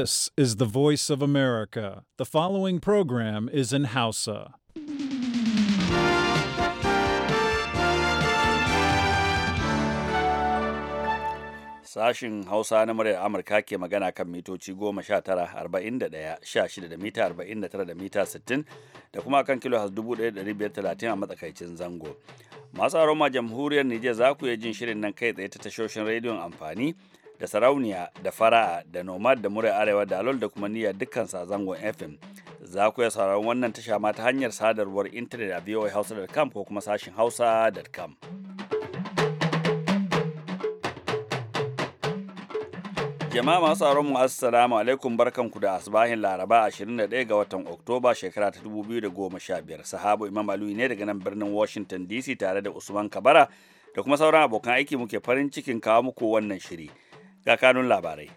This is the voice of America. The following program is in Hausa. Sashin Hausa na muryar Amurka ke magana kan mitoci goma sha tara arba'in da ɗaya sha shida da mita arba'in da tara da mita sittin da kuma kan kilo has dubu ɗaya da biyar talatin a matsakaicin zango. Masu aroma jamhuriyar Nijar za ku iya jin shirin nan kai tsaye ta tashoshin rediyon amfani da sarauniya da fara'a da nomad da murai arewa da alol da kuma niyyar dukkan zangon fm za ku iya sauraron wannan tasha ma ta hanyar sadarwar intanet a voahausa.com ko kuma sashin hausa.com jama'a masu tsaron mu assalamu alaikum barkanku da asibahin laraba 21 ga watan oktoba shekara ta 2015 sahabu imam aliyu ne daga nan birnin washington dc tare da usman kabara da kuma sauran abokan aiki muke farin cikin kawo muku wannan shiri ga kanun labarai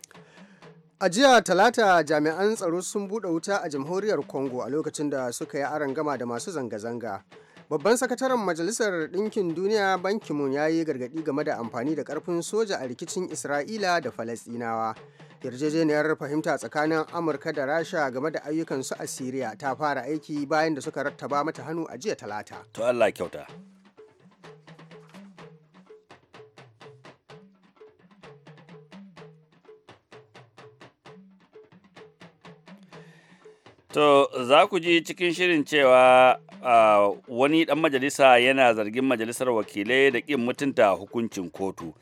a jiya talata jami'an tsaro sun buɗe wuta a jamhuriyar congo a lokacin da suka yi aron gama da masu zanga-zanga babban sakataren majalisar ɗinkin duniya ban ya yi gargaɗi game da amfani da ƙarfin soja a rikicin isra'ila da falasɗinawa yarjejeniyar fahimta tsakanin amurka da rasha game da ayyukansu a siriya ta fara aiki bayan da suka rattaba mata hannu a jiya talata to allah kyauta To za ku ji cikin shirin cewa wani ɗan majalisa yana zargin majalisar wakilai da ƙin mutunta hukuncin kotu.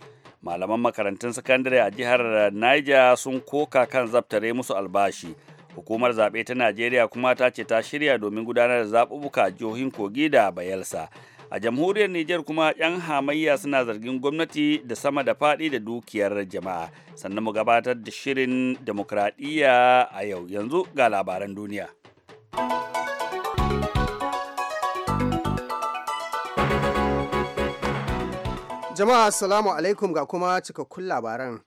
Malaman makarantun sakandare a jihar Niger sun koka kan zaftare musu albashi. Hukumar zaɓe ta Najeriya kuma ta ce ta shirya domin gudanar da zaɓuɓɓuka jihohin Kogi da Bayelsa. a jamhuriyar Nijar kuma 'yan hamayya suna zargin gwamnati da sama da faɗi da dukiyar jama'a sannan mu gabatar da shirin demokradiyya a yau yanzu ga labaran duniya jama'a assalamu alaikum ga kuma cikakkun labaran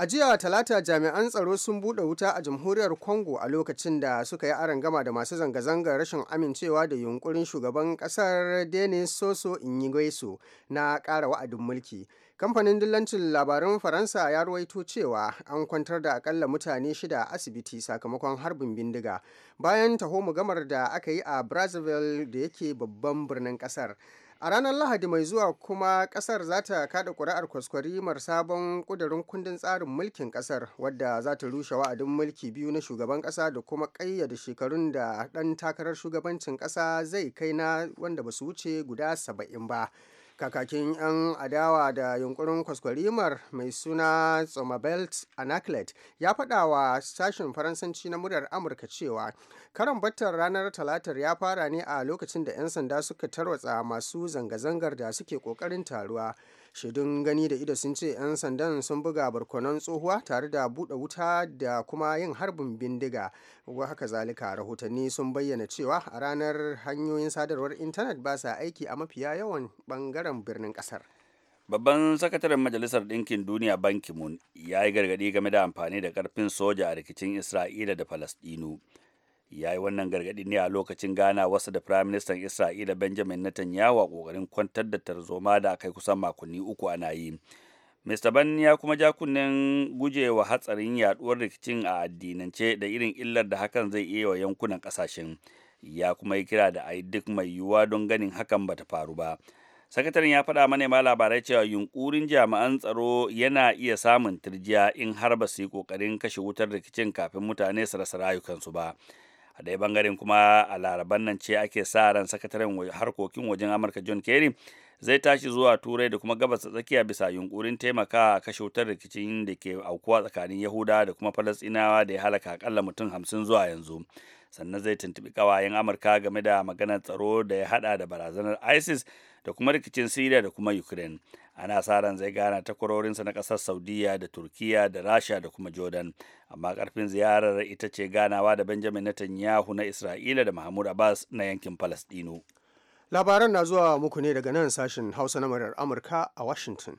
A jiya talata jami'an tsaro sun buɗe wuta a jamhuriyar Congo a lokacin da suka yi gama da masu zanga-zangar rashin amincewa da yunkurin shugaban ƙasar Denis Soso Inyigoiso na ƙara wa'adin mulki. Kamfanin dillancin labarun Faransa ya ruwaito cewa an kwantar da akalla mutane shida a asibiti sakamakon harbin bindiga bayan taho gamar da aka yi a Brazzaville da yake babban birnin ƙasar. a ranar lahadi mai zuwa kuma kasar za ta kada kuri'ar kwaskwarimar sabon kudurin kundin tsarin mulkin kasar wadda za ta rushe wa'adin mulki biyu na shugaban kasa da kuma kayyade shekarun da dan takarar shugabancin kasa zai kai na wanda ba su wuce guda saba'in ba kakakin 'yan adawa da yunkurin kwaskwarimar mai suna tsomabelt anaclet ya faɗa wa sashen faransanci na muryar amurka cewa karan battar ranar talatar ya fara ne a lokacin da 'yan sanda suka tarwatsa masu zanga-zangar da suke ƙoƙarin taruwa shidun gani da ido sun ce 'yan sandan sun buga barkonon tsohuwa tare da buɗe wuta da kuma yin harbin bindiga haka zalika rahotanni sun bayyana cewa a ranar hanyoyin sadarwar intanet ba sa aiki a mafiya yawan bangaren birnin kasar Babban sakataren Majalisar Ɗinkin Duniya Ban Ki-moon ya yi gargaɗi game da amfani da karfin soja a rikicin Isra'ila da Falasɗinu. ya yi wannan gargaɗi ne a lokacin gana wasu da firayim ministan isra'ila benjamin netanyahu a kokarin kwantar da tarzoma da aka kusan makonni uku ana yi mr ban ya kuma ja kunnen gujewa hatsarin yaduwar rikicin a addinance da irin illar da hakan zai iya wa yankunan kasashen ya kuma yi kira da ayi duk mai yiwuwa don ganin hakan bata faru ba sakataren ya faɗa manema labarai cewa yunkurin jami'an tsaro yana iya samun tirjiya in har ba su yi ƙoƙarin kashe wutar rikicin kafin mutane su rasa rayukansu ba a ɗaya bangaren kuma a laraban nan ce ake sa ran sakataren harkokin wajen amurka john kerry zai tashi zuwa turai da kuma gabas ta tsakiya bisa yunkurin taimaka a kashe wutar rikicin da ke aukuwa tsakanin yahuda da kuma falastinawa da ya halaka akalla mutum hamsin zuwa yanzu sannan zai tuntubi ƙawayen amurka game da maganar tsaro da ya hada da barazanar isis da kuma rikicin syria da kuma ukraine ana sa ran zai gana takwarorinsa na ƙasar saudiya da turkiya da rasha da kuma jordan amma karfin ziyarar ita ce ganawa da benjamin netanyahu na isra'ila da mahmud abbas na yankin palestino labaran na zuwa muku ne daga nan sashen hausa na muryar amurka a washington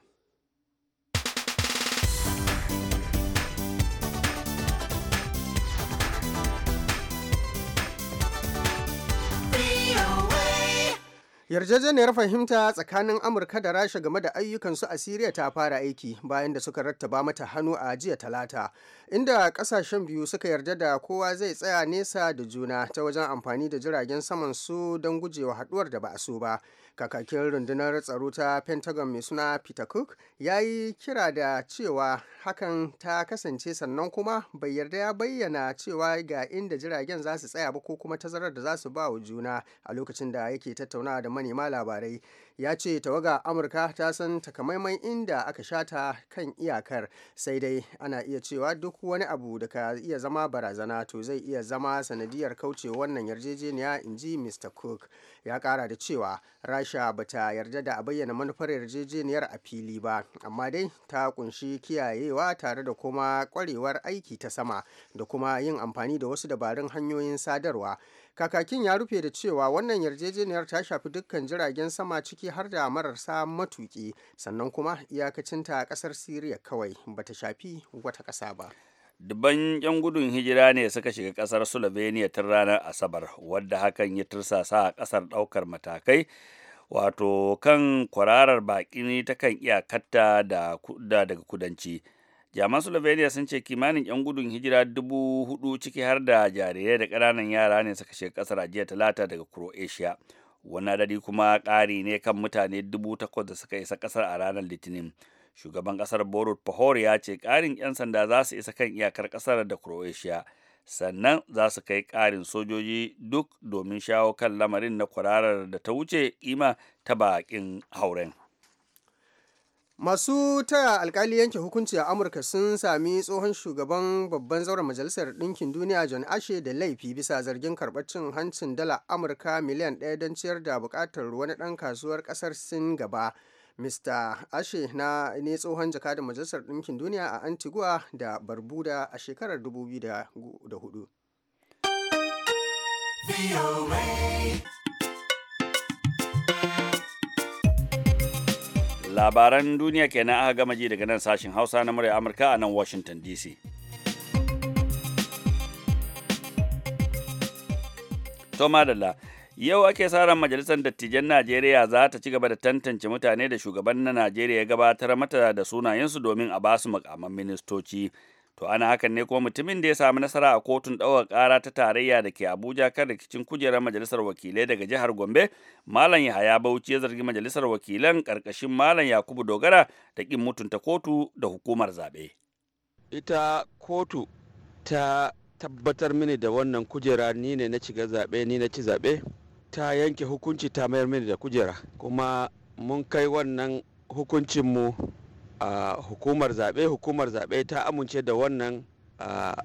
Yarjejeniyar fahimta tsakanin Amurka da Rasha game da ayyukansu a Siriya ta fara aiki bayan da suka rattaba mata hannu a jiya talata, inda kasashen biyu suka yarda da kowa zai tsaya nesa da juna ta wajen amfani da jiragen saman su don gujewa haduwar da ba a so ba. kakakin rundunar tsaro ta pentagon mai suna peter cook ya yi kira da cewa hakan ta kasance sannan kuma bai yarda ya bayyana cewa ga inda jiragen za su tsaya ba ko kuma tazarar da za su ba wa juna a lokacin da yake tattauna da manema labarai ya ce tawaga amurka ta san takamaiman inda aka shata kan iyakar sai dai ana iya cewa duk wani abu da ka iya zama barazana to zai iya zama sanadiyar kauce wannan yarjejeniya in ji mr cook ya kara da cewa rasha bata yarda da a bayyana manufar yarjejeniyar a fili ba amma dai ta kunshi kiyayewa tare da kuma kwarewar aiki ta sama da kuma yin amfani da wasu dabarun hanyoyin sadarwa kakakin ya rufe da cewa wannan yarjejeniyar ta shafi dukkan jiragen sama ciki har da mararsa matuki sannan kuma iyakacinta a kasar siriya kawai ba ta shafi wata ƙasa ba dubban 'yan gudun hijira ne suka shiga kasar slovenia tun ranar asabar wadda hakan ya tursasa a kasar daukar matakai wato kan kwararar baƙi ta kan iyakarta da daga kudanci jaman slovenia sun ce kimanin 'yan gudun hijira dubu hudu ciki har da jarirai da ƙananan yara ne suka shiga kasar jiya talata daga croatia wani dadi kuma ƙari ne kan mutane dubu takwas da suka isa ƙasar a ranar litinin shugaban ƙasar borut pahor ya ce ƙarin 'yan sanda za su isa kan iyakar ƙasar da croatia sannan za su kai ƙarin sojoji duk domin shawo kan lamarin na kwararar da ta wuce ima ta bakin hauren masu taya alkali yanke hukunci a amurka sun sami tsohon shugaban babban zauren majalisar ɗinkin duniya john ashe da laifi bisa zargin karɓar cin hancin dala amurka miliyan ɗaya don ciyar da buƙatar wani ɗan kasuwar ƙasar sin gaba mr ashe na ne tsohon jakadan majalisar ɗinkin duniya a antigua da barbuda a shekarar 2004 labaran duniya kenan aka gama ji daga nan sashen hausa na murya amurka a nan washington dc to madalla yau ake sa ran majalisar dattijan najeriya za ta ci gaba da tantance mutane da shugaban na najeriya ya gabatar mata da sunayensu domin a basu makaman ministoci to ana hakan ne kuma mutumin da ya sami nasara a kotun ɗaukar ƙara ta tarayya da ke abuja kan rikicin kujerar majalisar wakilai daga jihar gombe malam yahaya bauchi ya zargi majalisar wakilan ƙarƙashin malam yakubu dogara da ƙin mutunta kotu da hukumar zaɓe. ita kotu ta tabbatar mini da wannan kujera ni ne na shiga zaɓe ni na ci zaɓe ta yanke hukunci ta mayar mini da kujera kuma mun kai wannan hukuncinmu hukumar zaɓe hukumar zaɓe ta amince da wannan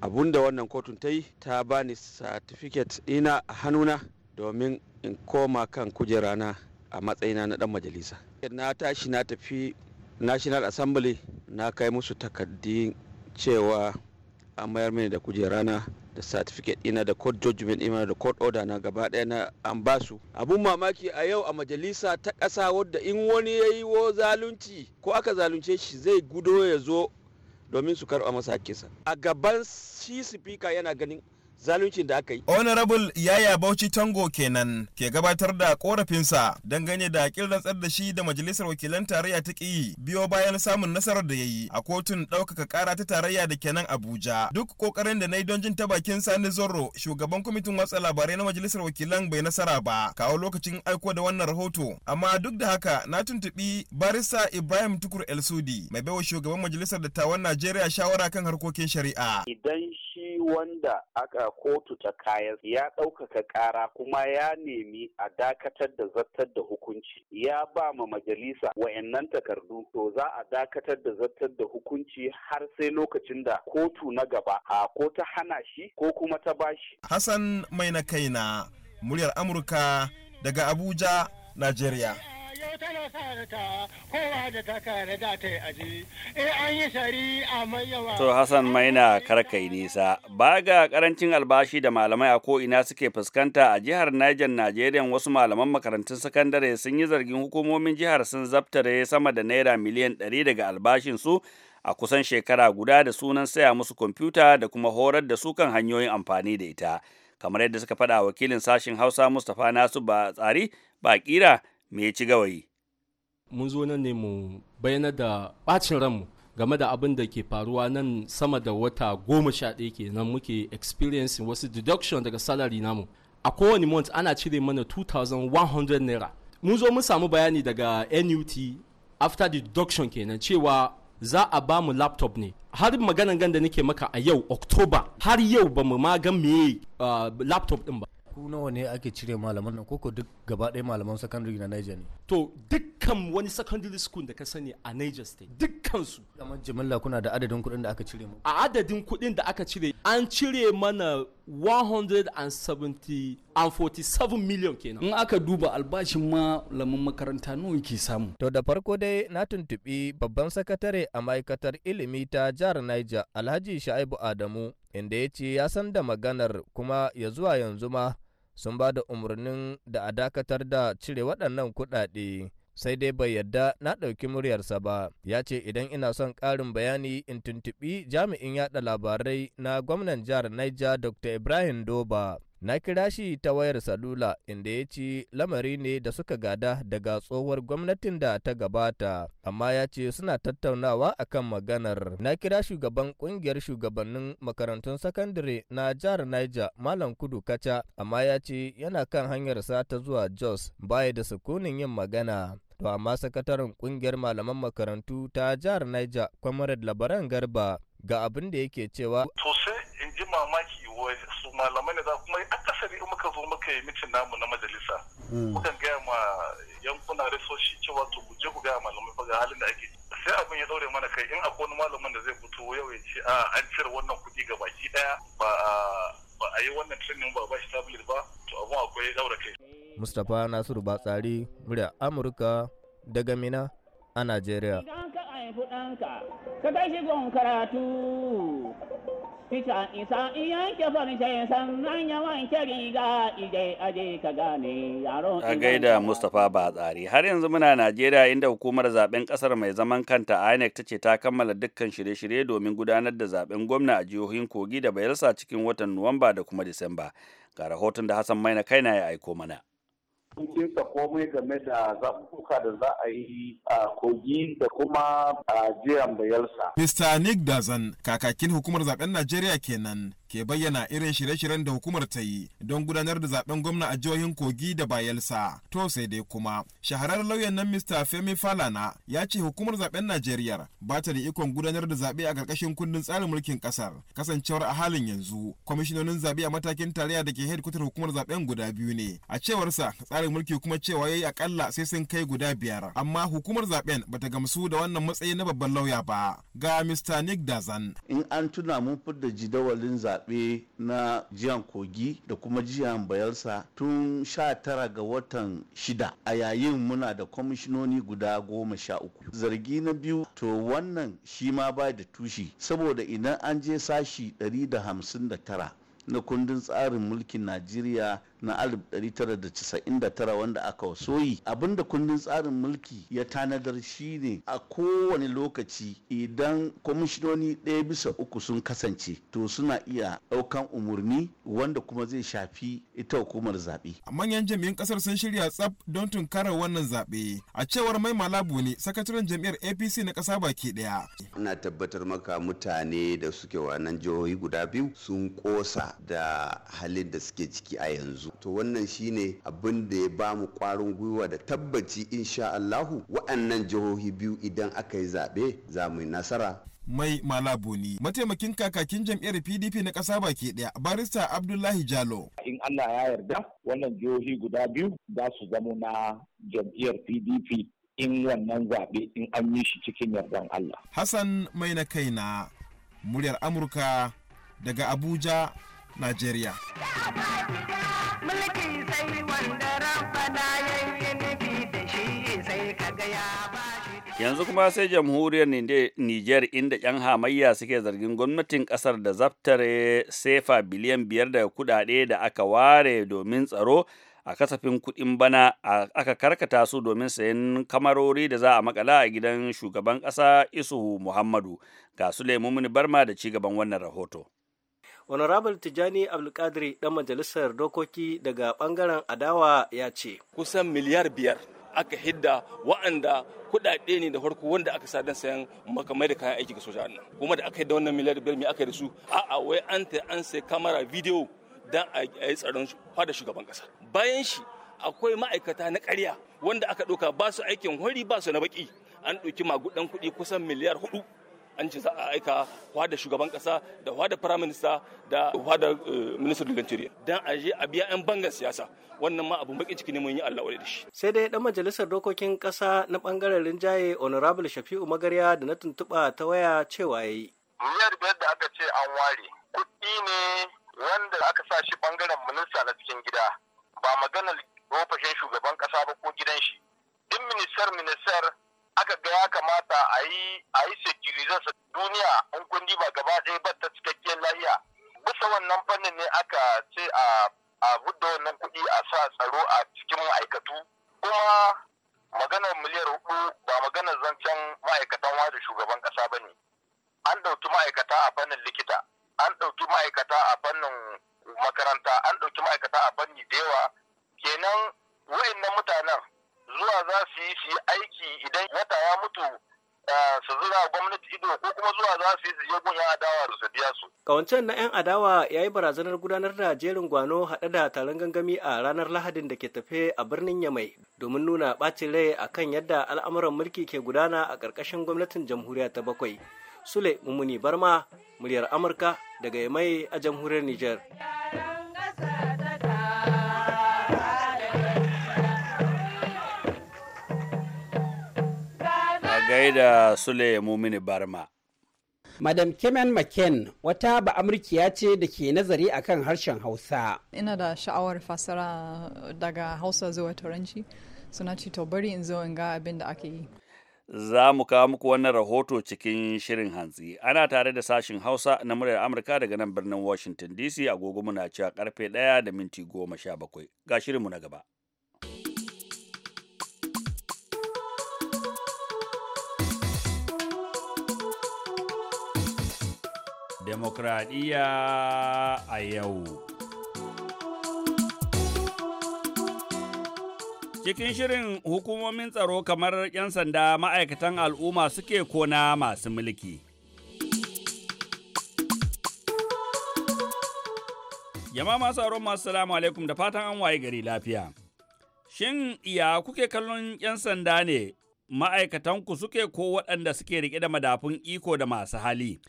abun da wannan kotun ta yi ta bani certificate ɗina a hannuna domin in koma kan kujerana a matsayina na ɗan majalisa na tashi na tafi national assembly na kai musu takardun cewa an mayar mini da kujerana da certificate ina da court judgment ina da court order na gaba daya na an basu abun mamaki a yau a majalisa ta ƙasa wadda in wani ya yi wo zalunci ko aka zalunce shi zai gudo ya zo domin su karba masa kisa. a gaban shi speaker yana ganin zaluncin da aka yi. Honorable Yaya Bauchi Tango kenan ke gabatar da korafinsa dangane da kin rantsar da shi da majalisar wakilan tarayya ta ƙi biyo bayan samun nasarar da ya yi a kotun ɗaukaka ƙara ta tarayya da kenan Abuja. Duk ƙoƙarin da na yi don jin ta bakin Sani Zorro shugaban kwamitin watsa labarai na majalisar wakilan bai nasara ba kawo lokacin aiko da wannan rahoto. Amma duk da haka na tuntuɓi barista Ibrahim Tukur El Sudi mai baiwa shugaban majalisar dattawan Najeriya shawara kan harkokin shari'a. Idan wanda aka kotu ta kayan ya ɗaukaka ƙara kuma ya nemi a dakatar da zartar da hukunci ya ba ma majalisa wayannan takardu to za a dakatar da zartar da hukunci har sai lokacin da kotu na gaba a ko ta hana shi ko kuma ta bashi. Hassan mai na kai na muryar Amurka daga Abuja, Najeriya. zo tana sa ta ta yi aji eh an yi mai yawa to hasan Maina karkai nisa ba ga karancin albashi da malamai a ko'ina suke fuskanta a jihar Niger Najeriya wasu malaman makarantun sakandare sun yi zargin hukumomin jihar sun zabtare sama da naira miliyan ɗari daga albashin su a kusan shekara guda da sunan saya musu kwamfuta da kuma horar da su kan hanyoyin amfani da ita kamar yadda suka faɗa wakilin sashen hausa mustapha nasu ba tsari ba kira me ya ci gawayi mun zo nan ne mu bayyana da bacin ranmu game da abin da ke faruwa nan sama da wata goma sha ɗaya kenan muke experiencing wasu deduction daga salary namu a kowane month ana cire mana 2100 naira mun zo mun samu bayani daga nut after deduction kenan cewa za a ba mu laptop ne har maganan gan da nake maka a yau october har yau ba mu ma gan ah, laptop din ba ku nawa ne ake cire malaman nan koko duk gaba ɗaya malaman secondary na Niger ne to dukkan wani secondary school da ka sani a Niger state dukkan su kamar jimilla kuna da adadin kuɗin da aka cire mu a adadin kuɗin da aka cire an cire mana 147 million kenan in aka duba albashin malaman makaranta nawa ke samu to da farko dai na tuntubi babban sakatare a ma'aikatar ilimi ta jihar Niger Alhaji Sha'ibu Adamu inda ya ce ya san da maganar kuma ya zuwa yanzu ma sun ba da umarnin da a dakatar da cire waɗannan kuɗaɗe. sai dai bai yarda na ɗauki muryarsa ba ya ce idan ina son ƙarin bayani in tuntuɓi jami'in yaɗa labarai na gwamnan jihar Niger Dr. Ibrahim Doba Na kira shi ta wayar salula inda ya ci lamari ne da suka gada daga tsohuwar gwamnatin da ta gabata, amma ya ce suna tattaunawa akan maganar. Na kira shugaban kungiyar shugabannin makarantun sakandare na jihar Niger Malam Kudu kaca amma ya ce yana kan hanyarsa ta zuwa Jos baya da sukunin yin magana. To amma sakataren kungiyar malaman makarantu ta jihar Niger, Kwamarid Labaran Garba, ga abin da yake cewa. malamai ne za muka zo muka yi mitin namu na majalisa hmm. mukan gaya ma yankuna resoshi cewa to mu je ku gaya malamai fa ga halin da ake sai abin ya daure mana kai in akwai wani malamin da zai fito yau ya ce a ah, an cire wannan kuɗi ga baki daya ba ba a yi wannan training ba ba shi tablet ba to abin akwai daure kai Mustapha Nasiru Batsari murya Amurka daga Mina a Najeriya. Idan ka haifi ɗanka, ka kai shi gon karatu, Ita isa yanke farce sannan ya wanke riga ije aje ka gane yaro. A gaida Mustapha tsari har yanzu muna Najeriya inda hukumar zaben kasar mai zaman kanta INEC ta ce ta kammala dukkan shirye-shirye domin gudanar da zaben gwamna a jihohin Kogi da Bayelsa cikin watan Nuwamba da kuma Disamba. Ga rahoton da Hassan Maina kaina ya aiko mana. sun kinsa komai game da zaɓuɓɓuka da za a yi a kogi da kuma a jiyan bayelsa. Mr. Nick Dazan, kakakin hukumar zaben Najeriya kenan. ke bayyana irin shirye-shiryen da hukumar ta yi don gudanar da zaben gwamna a jihohin kogi da bayelsa to sai dai kuma shahararren lauyan nan mr femi falana ya ce hukumar zaben najeriya ba ta da ikon gudanar da zaɓe a ƙarƙashin kundin tsarin mulkin ƙasar kasancewar a halin yanzu kwamishinonin zaɓe a matakin tarayya da ke hedkwatar hukumar zaben guda biyu ne a cewarsa tsarin tsarin mulki kuma cewa yayi akalla sai sun kai guda biyar amma hukumar zaben bata gamsu da wannan matsayi na babban lauya ba ga Mr Nick Dazan in an tuna mun fidda jidawalin zabe na jiyan Kogi da kuma jiyan Bayelsa tun 19 ga watan shida a yayin muna da kwamishinoni guda goma sha uku zargi na biyu to wannan shi ma ba da tushi saboda idan an je sashi 159 na kundin tsarin mulkin najeriya na 1999 wanda aka soyi abinda kundin tsarin mulki ya tanadar shine a kowane lokaci idan kwamishinoni ɗaya bisa uku sun kasance to suna iya ɗaukan umarni wanda kuma zai shafi ita hukumar zaɓe. manyan jami'an ƙasar sun shirya tsaf don tunkarar wannan zaɓe a cewar mai malabu ne sakataren jami'ar apc na ƙasa baki ɗaya. ina tabbatar maka mutane da suke wannan jihohi guda biyu sun ƙosa da halin da suke ciki a yanzu to wannan shine abin da ya ba mu kwarin gwiwa da tabbaci insha Allahu wa'annan jihohi biyu idan aka yi zaɓe za mu yi nasara mai malaboni mataimakin kakakin jam'iyyar pdp na ƙasa baki ɗaya barista abdullahi jalo in allah ya yarda wannan jihohi guda biyu za su zamo na jam'iyyar pdp in wannan zaɓe in an yi shi cikin yardan allah hassan mai na kaina muryar amurka daga abuja nigeria mulki sai wanda nufi da shi sai kaga yanzu kuma sai jamhuriyar Nijar inda 'yan hamayya suke zargin gwamnatin kasar da zaftare sefa biliyan biyar daga kudade da aka ware domin tsaro a kasafin kuɗin bana aka karkata su domin sayan kamarori da za a makala a gidan shugaban ƙasa isuhu muhammadu ga su barma da ci gaban wannan rahoto honorable tijani abdulkadir dan majalisar dokoki daga bangaren adawa ya ce kusan miliyar biyar aka hidda wa'anda kuɗaɗe ne da farko wanda aka sa don sayan makamai da kayan aiki ga soja nan kuma da aka hidda wannan miliyar biyar mai aka yi da su a'a wai an ta an sai kamera video don a yi tsaron fada shugaban kasa bayan shi akwai ma'aikata na ƙarya wanda aka ɗauka ba su aikin hori ba su na baki an ɗauki magudan kuɗi kusan miliyar hudu an ce za a aika da shugaban kasa da da firaminista da da eh, ministan dangantariya don a je a biya 'yan bangan siyasa wannan ma abun baki ciki ne mun yi Allah da shi sai dai dan majalisar dokokin kasa na bangaren rinjaye honorable Shafi'u Magarya da na tuntuɓa ta waya cewa yayi yi biyar da aka ce an ware kuɗi ne wanda aka sa shi bangaren minista na cikin gida ba maganar ofishin shugaban kasa ba ko gidan shi din ministar ministar aka ga ya kamata a yi a yi duniya in kun ba gaba ɗaya ba ta cikakkiyar lahiya bisa wannan fannin ne aka ce a a buɗe wannan kuɗi a sa tsaro a cikin ma'aikatu kuma maganar miliyar hudu ba maganar zancen ma'aikatan wada shugaban ƙasa ba ne an ɗauki ma'aikata a fannin likita an ɗauki ma'aikata a fannin makaranta an ɗauki ma'aikata a fanni da yawa kenan na mutanen zuwa za su yi su aiki idan wata ya mutu su zura gwamnati ido ko kuma zuwa za su yi su je gun adawa da su biya su. Kawancen na 'yan adawa ya yi barazanar gudanar da jerin gwano haɗe da taron gangami a ranar Lahadin da ke tafe a birnin Yamai domin nuna ɓacin rai a kan yadda al'amuran mulki ke gudana a ƙarƙashin gwamnatin jamhuriya ta bakwai. Sule Mumuni Barma, muryar Amurka daga Yamai a jamhuriyar Nijar. da Sule Mumini Barma. Madam Kemen McCain wata ba'amurkiya ce da ke nazari akan harshen Hausa. Ina da sha'awar fasara daga Hausa zuwa Turanci, suna ci to bari in zo in ga abin da ake yi. Za mu kawo muku wannan rahoto cikin shirin hantsi. Ana tare da sashin Hausa na muryar Amurka daga nan birnin Washington DC agogo muna cewa karfe ɗaya da minti goma sha bakwai. Ga shirinmu na gaba. demokradiyya a yau. Cikin shirin hukumomin tsaro kamar 'yan sanda ma'aikatan al'umma suke kona masu mulki. Yama masu auren masu salamu alaikum da fatan an waye gari lafiya. Shin iya kuke kallon 'yan sanda ne ma'aikatanku suke ko waɗanda suke riƙe da madafun iko da masu hali?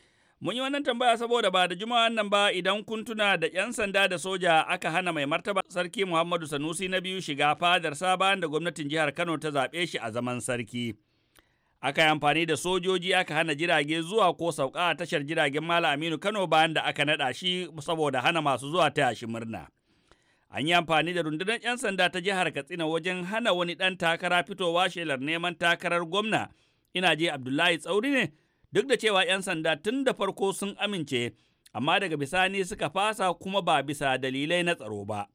Mun yi wannan tambaya saboda ba da juma'an nan ba idan kun tuna da 'yan sanda da soja aka hana mai martaba sarki Muhammadu Sanusi na biyu shiga fadar bayan da gwamnatin jihar Kano ta zaɓe shi a zaman sarki. Aka yi amfani da sojoji aka hana jirage zuwa ko sauka a tashar jiragen Malam Aminu Kano bayan da aka naɗa shi saboda hana masu zuwa ta shi murna. An yi amfani da rundunar 'yan sanda ta jihar Katsina wajen hana wani ɗan takara fitowa shelar neman takarar gwamna. Ina je Abdullahi Tsauri ne duk da cewa 'yan sanda tun da farko sun amince amma daga bisani suka fasa kuma ba bisa dalilai na tsaro ba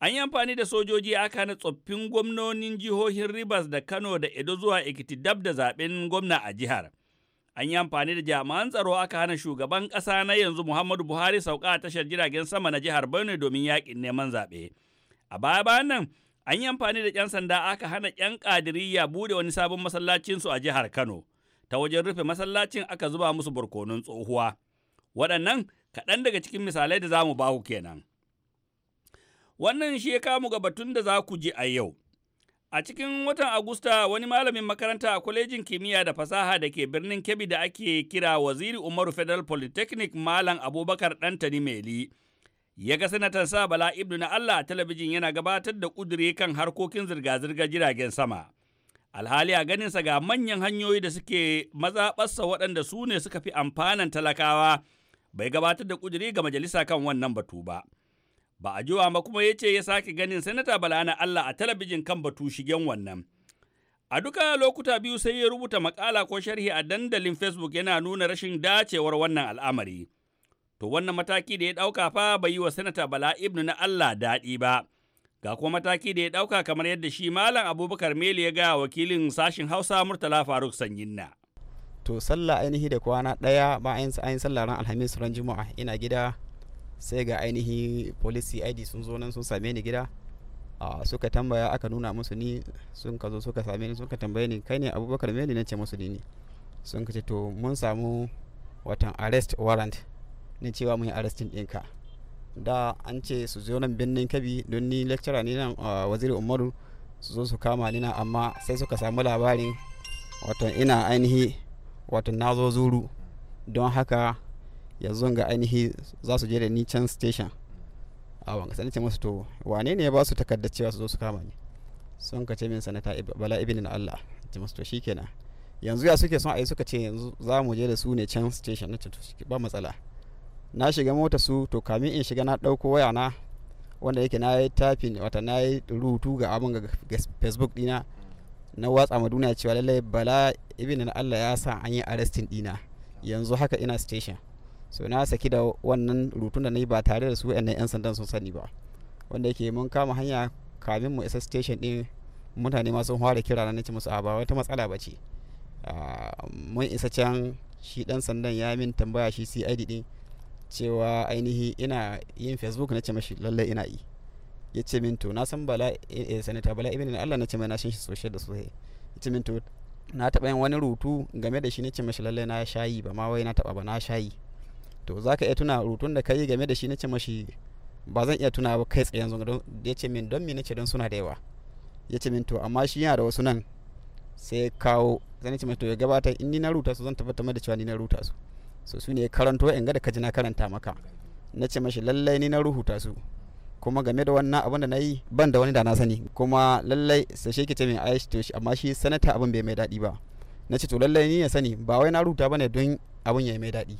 an yi amfani da sojoji aka na tsoffin gwamnonin jihohin rivers da kano da edo zuwa Ikiti, dab da zaben gwamna a jihar an yi amfani da jami'an tsaro aka hana shugaban ƙasa na yanzu muhammadu buhari sauka a tashar jiragen sama na jihar borno domin yakin neman zaɓe a baya bayan nan an yi amfani da 'yan sanda aka hana 'yan ƙadiriya bude wani sabon masallacinsu a jihar kano ta wajen rufe masallacin aka zuba musu barkonon tsohuwa. Waɗannan kaɗan daga cikin misalai da za mu baku kenan. Wannan shi ya kamu ga batun da za ku ji a yau. A cikin watan Agusta wani malamin makaranta a kwalejin kimiyya da fasaha da ke birnin Kebbi da ake kira Waziri Umaru Federal Polytechnic Malam Abubakar Dantani Meli. Ya ga sanatan sa Bala Ibnu na Allah a talabijin yana gabatar da ƙudure kan harkokin zirga-zirgar jiragen sama. alhali a ganinsa ga manyan hanyoyi da suke mazaɓarsa waɗanda su ne suka fi amfanan talakawa bai gabatar da ƙudiri ga majalisa kan wannan batu ba. Ba a jiwa ba kuma ya ce ya sake ganin Sanata Balana Allah a talabijin kan batu shigen wannan. A duka lokuta biyu sai ya rubuta makala ko sharhi a dandalin Facebook yana nuna rashin dacewar wannan al'amari. To wannan mataki da ya ɗauka fa bai yi wa Sanata Bala Ibnu na Allah daɗi ba. Ga kuma mataki da ya ɗauka kamar yadda shi Malam Abubakar Mele ya gaya wakilin sashin Hausa Murtala Faruk Sanyinna. To sallah ainihi da kwana ɗaya ba ayin sallah ran Alhamis ran Juma'a ina gida sai ga ainihi policy ID sun zo nan sun same ni gida. suka tambaya aka nuna musu ni sun ka zo suka same ni suka tambaye ni kai ne abubakar mele na ce musu ni ne sun ka ce to mun samu watan arrest warrant ne cewa mun yi arrestin ɗinka da an ce su zo nan birnin kabi don ni lecturer ne nan waziri umaru su zo su kama ni nan amma sai suka samu labarin wato ina ainihi wato na zo zuru don haka yanzu ga ainihi za su je da ni can station a wanga sani ce masu to wane ne ya ba su takardar cewa su zo su kama ni sun ka ce min sanata bala ibn allah ce masu to shikenan yanzu ya suke son a yi suka ce yanzu za mu je da su ne can station na ba matsala na shiga mota su to kamin in shiga na ɗauko waya na wanda yake na yi tafin wata na yi rubutu ga abin ga facebook dina na watsa ma duniya cewa lallai bala ibn na allah ya sa an yi arrestin dina yanzu haka ina station so na saki da wannan rutun da na yi ba tare da su yan yan sandan sun sani ba wanda yake mun kama hanya kamin mu isa station din mutane masu sun fara kira na ce musu a ba wata matsala ba ce ah, mun isa can shi dan sandan ya min tambaya shi cid din cewa ainihi ina yin facebook na ce mashi lallai ina yi ya ce min to na san bala eh, eh, sanata bala ibn Allah na ce mai na shin shi sosai da sosai ya ce min na taɓa yin wani rutu game da shi na ce mashi lallai na shayi ba ma wai na taɓa ba na shayi to za ka iya tuna rutun da ka yi game da shi na ce mashi ba zan iya tuna ba kai tsaye yanzu ya ce min don me na ce don suna da yawa ya ce min to amma shi yana da wasu nan sai kawo zan ce mashi to ya gabata in ni na ruta su zan tabbatar da cewa ni na ruta su so su ne karanto in ga da kaji na karanta maka na ce mashi lallai ni na rubuta su kuma game da wannan abin da na yi ban da wani da na sani kuma lallai sai shi ce min aishi to shi amma shi sanata abin bai mai daɗi ba na ce to lallai ni ya sani ba wai na rubuta bane don abin ya mai daɗi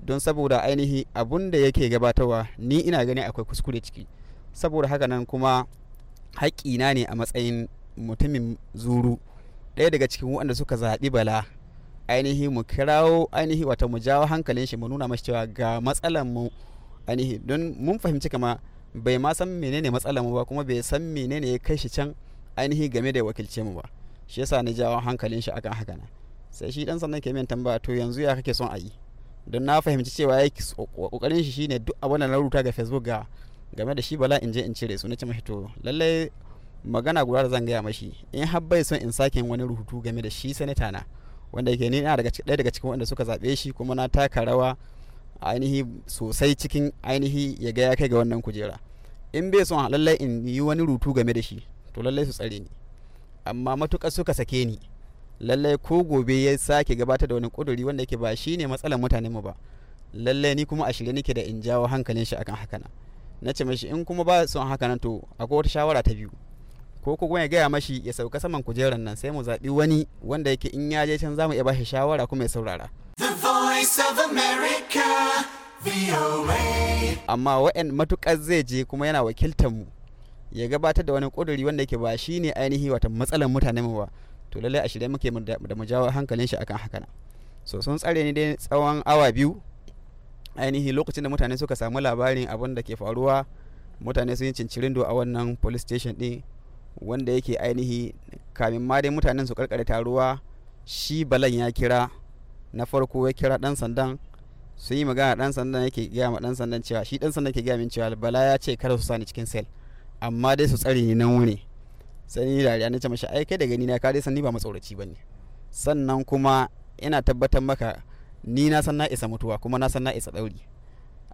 don saboda ainihi abun da yake gabatarwa ni ina gani akwai kuskure ciki saboda haka nan kuma haƙƙina ne a matsayin mutumin zuru ɗaya daga cikin waɗanda suka zaɓi bala ainihi mu kirawo ainihi wata mu jawo hankalin shi mu nuna mashi cewa ga matsalan mu ainihi don mun fahimci kama bai ma san menene matsalan mu ba kuma bai san menene ya kai shi can ainihi game da wakilce mu ba shi yasa ni jawo hankalin shi akan haka na sai shi dan sannan ke min tambaya to yanzu ya kake son a yi don na fahimci cewa ya kokarin shi shine duk abin da na rubuta ga facebook ga game da shi bala in je in cire su na ce mashi to lallai magana guda da zan gaya mashi in har bai son in sake wani rubutu game da shi sanata na wanda yake ni daga ɗaya daga cikin wanda suka zaɓe shi kuma na taka rawa ainihi sosai cikin ainihi ya ga ya kai ga wannan kujera in bai son lallai in yi wani rutu game da shi to lallai su tsare ni amma matuƙar suka sake ni lallai ko gobe ya sake gabatar da wani ƙuduri wanda yake ba shi ne matsalar mutanen mu ba lallai ni kuma a shirye nake da in jawo hankalin shi akan hakana na ce mashi in kuma ba son hakanan to akwai wata shawara ta biyu ko ko ya gaya mashi ya sauka saman kujerar nan sai mu zaɓi wani wanda yake in ya je can za mu iya bashi shawara kuma ya saurara. The Voice of America, Amma wa'yan matuƙar zai je kuma yana wakiltar mu ya gabatar da wani ƙuduri wanda yake ba shi ne ainihi wata matsalar mutane mu ba to lallai a shirye muke da mu jawo hankalin shi akan haka so sun tsare ni dai tsawon awa biyu ainihi lokacin da mutane suka samu labarin abin da ke faruwa mutane sun yi cincirindo a wannan police station din wanda yake ainihi kamin ma dai mutanen su karkare taruwa shi balan ya kira na farko ya kira dan sandan sun yi magana dan sandan yake gaya ma dan sandan cewa shi dan sandan yake gaya min cewa bala ya ce kada su sani cikin sel amma dai su tsare ni nan wani sai ni dariya na ce mashi ai kai da gani na ka dai san ni ba matsoraci bane sannan kuma ina tabbatar maka ni na san na isa mutuwa kuma na san na isa dauri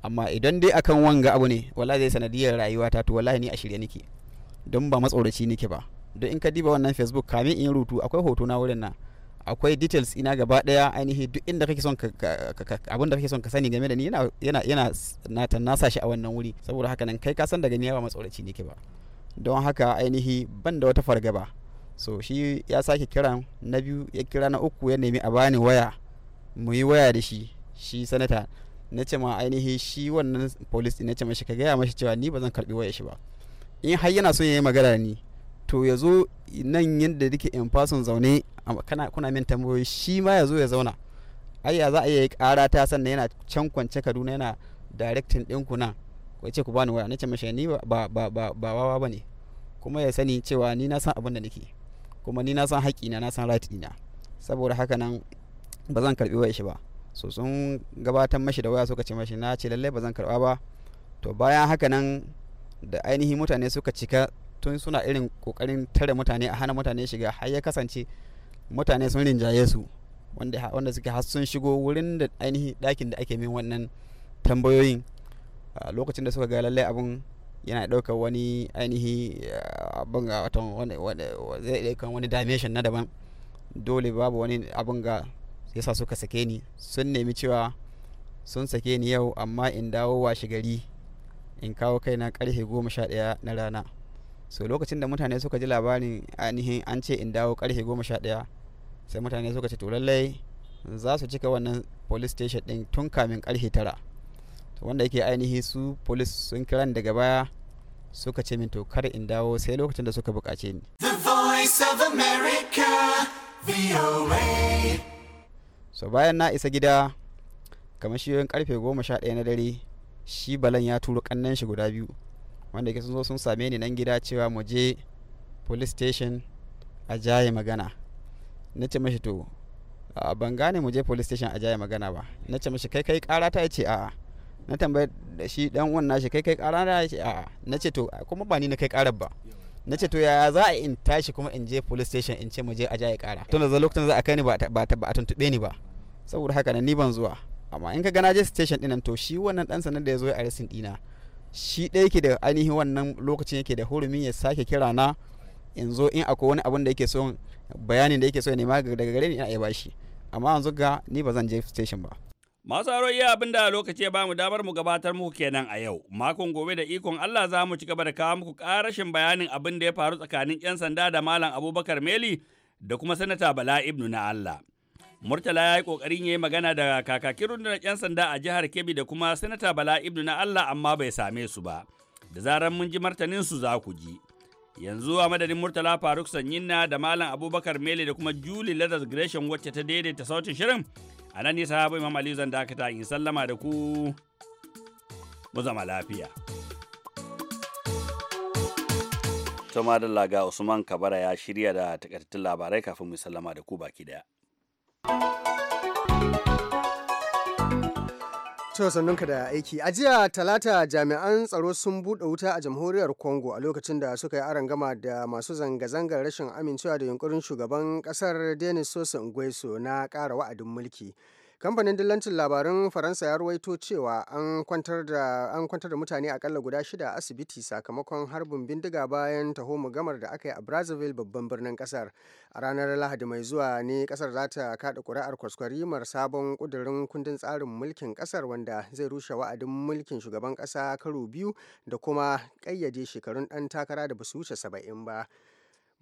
amma idan dai akan wanga abu ne wallahi zai sanadiyar rayuwa ta to wallahi ni a shirye nake don ba matsoraci nake ba don in ka diba wannan facebook kamin in rutu akwai hoto na wurin nan akwai details ina gaba daya ainihi duk inda kake son abin da kake son ka sani game da ni yana yana na nasa shi a wannan wuri saboda haka nan kai ka san daga ni ba matsoraci nike ba don haka ainihi ban da wata fargaba so shi ya sake kira na biyu ya kira na uku ya nemi a bani waya mu yi waya da shi shi sanata na ce ma ainihi shi wannan police na ce ma shi ka gaya mashi cewa ni ba zan karbi waya shi ba in har yana so ya yi magana ni to ya zo nan yadda nake in fason zaune kana kuna min tambayoyi shi ma ya zo ya zauna ai ya za a yi ƙara ta sannan yana can kwance Kaduna yana directing ɗin ku nan ko ce ku bani waya nace mashi ni ba ba ba ba wawa bane kuma ya sani cewa ni na san abin da nake kuma ni na san haƙƙi na na san right na saboda haka nan ba zan karɓi waya shi ba so sun gabatar mashi da waya suka ce mashi na ce lallai ba zan karɓa ba to bayan haka nan da ainihin mutane suka cika tun suna irin kokarin tare mutane a hana mutane shiga har ya kasance mutane sun rinjaye su wanda wanda suke har sun shigo wurin da ainihi ɗakin da ake min wannan tambayoyin a lokacin da suka ga lallai abun yana daukar wani ainihi abin ga watan zai wani dimension na daban dole babu wani abin ga yasa suka sake ni sun nemi cewa sun sake ni yau amma in dawo washe gari in kawo kaina karfe goma sha ɗaya na rana so lokacin da mutane suka ji labarin ainihin an ce in dawo karfe goma sha ɗaya sai mutane suka ce to lallai za su cika wannan police station ɗin tun kamin karfe tara wanda yake ainihi su police sun kira ni daga baya suka ce min to kar in dawo sai lokacin da suka buƙace ni The Voice of America VOA so bayan na isa gida kamar shiyoyin karfe goma sha ɗaya na dare shi balan ya turo kannan shi guda biyu wanda ke sun zo sun same ni nan gida cewa mu je police station a jaye magana na ce mashi to ban gane mu je police station a jaye magana ba na ce mashi kai kai kara ta ce a'a na tambaye da shi dan wannan shi kai kai kara ta ce a'a na ce to kuma ba ni na kai karar ba na ce to yaya za a in tashi kuma in je police station in ce mu je a jaye kara tun da lokacin za a kai ni ba a tuntube ni ba saboda haka nan ni ban zuwa amma in ka gana je station nan to shi wannan dan sanar da ya zo ya arrestin dina shi ɗaya yake da ainihin wannan lokacin yake da hurumin ya sake kira na in zo in akwai wani abun da yake son bayanin da yake so ya nema daga gare ni ina iya bashi amma yanzu ga ni ba zan je station ba Masu haro iya abin da lokaci ya bamu damar mu gabatar muku kenan a yau. Makon gobe da ikon Allah za mu ci gaba da kawo muku karashin bayanin abin da ya faru tsakanin 'yan sanda da Malam Abubakar Meli da kuma Sanata Bala Ibnu na Allah. Murtala ya yi ƙoƙarin ya yi magana da kakakin rundunar 'yan sanda a jihar Kebbi da kuma Sanata Bala Ibnu na Allah amma bai same su ba. Da zaran mun ji martanin su za ku ji. Yanzu a madadin Murtala Faruk Sanyinna da Malam Abubakar Mele da kuma Julie Ladas Gresham wacce ta daidaita sautin shirin. A nan ne sahabu Imam Aliyu zan dakata in sallama da ku mu zama lafiya. Tuma ga Usman Kabara ya shirya da takaitattun labarai kafin mu sallama da ku baki daya. To ka da aiki. A jiya talata jami'an tsaro sun buɗe wuta a jamhuriyar Congo a lokacin da suka yi aron gama da masu zanga-zangar rashin amincewa da yunkurin shugaban ƙasar Denis sosa ngweso na ƙara wa'adin mulki. Kamfanin dillancin labarun Faransa ya ruwaito cewa an kwantar da mutane akalla guda shida a asibiti sakamakon harbin bindiga bayan taho gamar da aka yi a Brazzaville babban birnin kasar. A ranar Lahadi mai zuwa ne kasar za ta kada kuri'ar kwaskwarimar sabon kudurin kundin tsarin mulkin kasar wanda zai rushe wa'adin mulkin shugaban kasa karo biyu da kuma kayyade shekarun dan takara da basu wuce saba'in ba.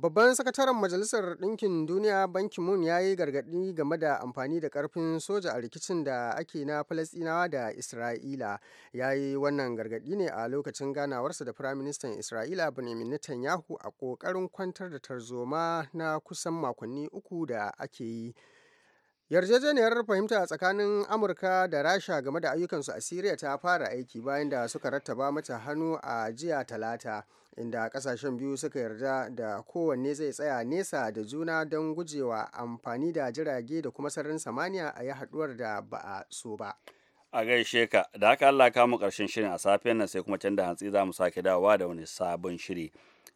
Babban sakataren Majalisar Ɗinkin Duniya Ban moon ya yi gargaɗi game da amfani da ƙarfin soja a rikicin da ake na Falasɗinawa da Isra'ila. Ya yi wannan gargaɗi ne a lokacin ganawarsa da Firaministan Isra'ila Benjamin Netanyahu a ƙoƙarin kwantar da tarzoma na kusan makonni uku da ake yi. Yarjejeniyar fahimta a tsakanin Amurka da Rasha game da ayyukansu a Siriya ta fara aiki bayan da suka rattaba mata hannu a jiya Talata, inda kasashen biyu suka yarda da kowanne zai tsaya nesa da juna don gujewa amfani da jirage da kuma sararin samaniya a yi haduwar da ba a so ba. A gaishe ka, da haka Allah kamu karshen shirin a safiyan nan sai kuma can da hantsi za mu sake dawowa da wani sabon shiri.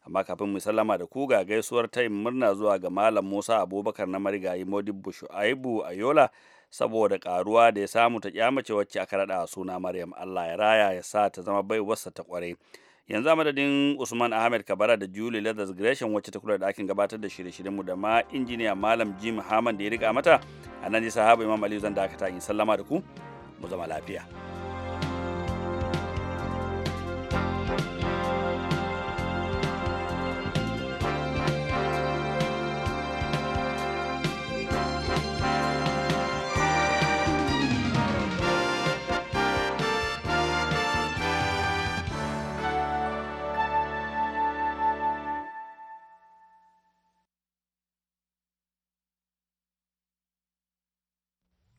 amma kafin mu sallama da ku ga gaisuwar tayin murna zuwa ga malam Musa Abubakar na marigayi Modibbo Shu'aibu Ayola saboda karuwa da ya samu ta kyamace wacce aka rada suna Maryam Allah ya raya ya sa ta zama bai baiwarsa ta kware yanzu a madadin Usman Ahmed Kabara da Julie Leathers Gresham wacce ta kula da ɗakin gabatar da shirye-shiryen mu da ma injiniya Malam Jim Haman da ya riga mata a nan ne sahaba Imam Aliyu zan dakata in sallama da ku mu zama lafiya.